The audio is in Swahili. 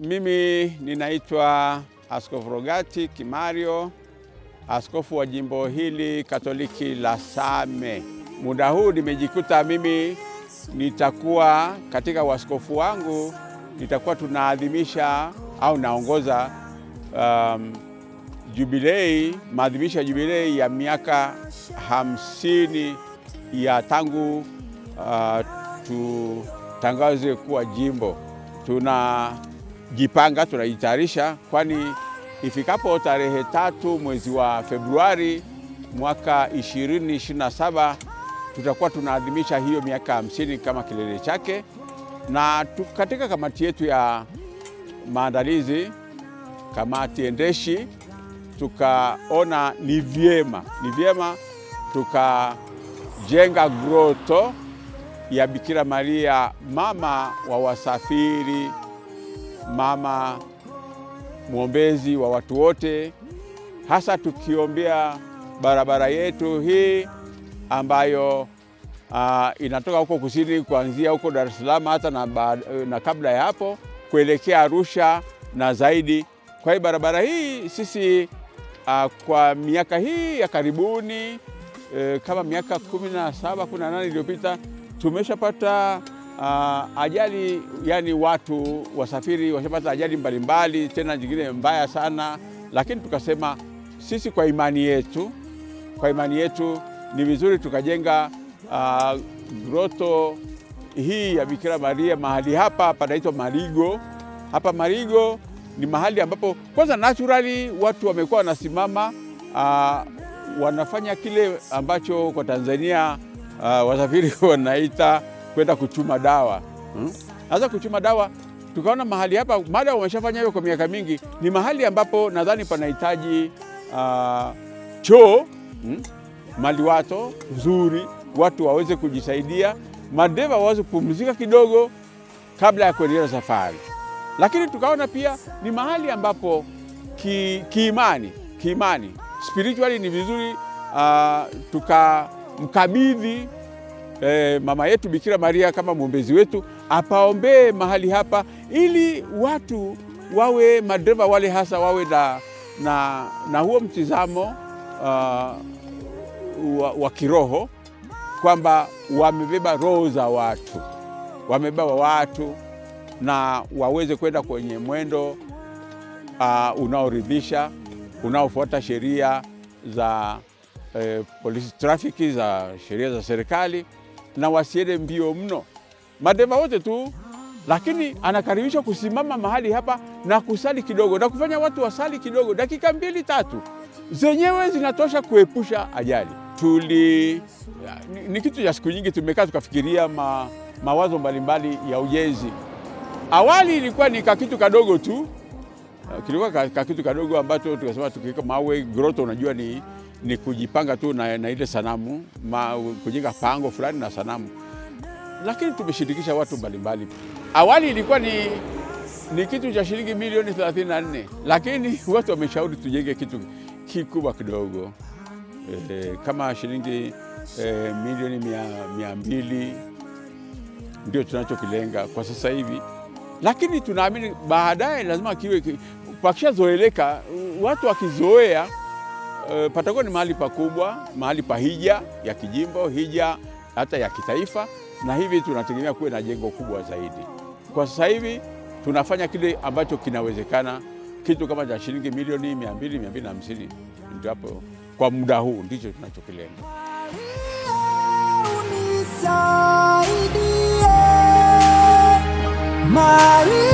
Mimi ninaitwa Askofu Rogati Kimario, askofu wa jimbo hili Katoliki la Same. Muda huu nimejikuta mimi nitakuwa katika waskofu wangu, nitakuwa tunaadhimisha au naongoza um, jubilei, maadhimisho ya jubilei ya miaka hamsini ya tangu uh, tutangaze kuwa jimbo tuna jipanga, tunajitayarisha kwani ifikapo tarehe tatu mwezi wa Februari mwaka 2027 tutakuwa tunaadhimisha hiyo miaka hamsini kama kilele chake, na katika kamati yetu ya maandalizi, kamati endeshi, tukaona ni vyema ni vyema tukajenga groto ya Bikira Maria mama wa wasafiri mama mwombezi wa watu wote, hasa tukiombea barabara yetu hii ambayo uh, inatoka huko kusini kuanzia huko Dar es Salaam hata na, na kabla ya hapo kuelekea Arusha na zaidi. Kwa hiyo barabara hii sisi uh, kwa miaka hii ya karibuni uh, kama miaka kumi na saba kumi na nane iliyopita tumeshapata uh, ajali yani watu wasafiri washapata ajali mbalimbali, tena nyingine mbaya sana, lakini tukasema sisi kwa imani yetu, kwa imani yetu ni vizuri tukajenga uh, groto hii ya Bikira Maria mahali hapa panaitwa Marigo. Hapa Marigo ni mahali ambapo kwanza naturally watu wamekuwa wanasimama uh, wanafanya kile ambacho kwa Tanzania uh, wasafiri wanaita kwenda kuchuma dawa hmm? sasa hmm? kuchuma dawa tukaona mahali hapa, mada wameshafanya hiyo kwa miaka mingi, ni mahali ambapo nadhani panahitaji uh, choo hmm? maliwato nzuri, watu waweze kujisaidia, madeva waweze kupumzika kidogo kabla ya kuendelea safari. Lakini tukaona pia ni mahali ambapo ki, kiimani kiimani spiritually ni vizuri uh, tukamkabidhi eh, mama yetu Bikira Maria kama mwombezi wetu apaombee mahali hapa, ili watu wawe madereva wale hasa wawe na, na, na huo mtizamo uh, wa, wa kiroho kwamba wamebeba roho za watu, wamebeba watu na waweze kwenda kwenye mwendo uh, unaoridhisha unaofuata sheria za eh, polisi trafiki za sheria za serikali na wasiende mbio mno, madeva wote tu, lakini anakaribishwa kusimama mahali hapa na kusali kidogo na kufanya watu wasali kidogo, dakika mbili tatu zenyewe zinatosha kuepusha ajali. Tuli ni, ni kitu cha siku nyingi tumekaa tukafikiria ma, mawazo mbalimbali ya ujenzi. Awali ilikuwa ni kakitu kadogo tu, kilikuwa kakitu kadogo ambacho tukasema tukiweka mawe groto, unajua ni ni kujipanga tu na, na ile sanamu ma, kujenga pango fulani na sanamu, lakini tumeshirikisha watu mbalimbali. Awali ilikuwa ni, ni kitu cha shilingi milioni 34 lakini watu wameshauri tujenge kitu kikubwa kidogo eh, kama shilingi eh, milioni mia, mia mbili ndio tunachokilenga kwa sasa hivi, lakini tunaamini baadaye lazima kiwe, pakishazoeleka watu wakizoea Eh, patakuwa ni mahali pakubwa, mahali pa hija ya kijimbo, hija hata ya kitaifa, na hivi tunategemea kuwe na jengo kubwa zaidi. Kwa sasa hivi tunafanya kile ambacho kinawezekana, kitu kama cha shilingi milioni 200 250, ndio hapo kwa muda huu ndicho tunachokilenga. Unisaidie Maria.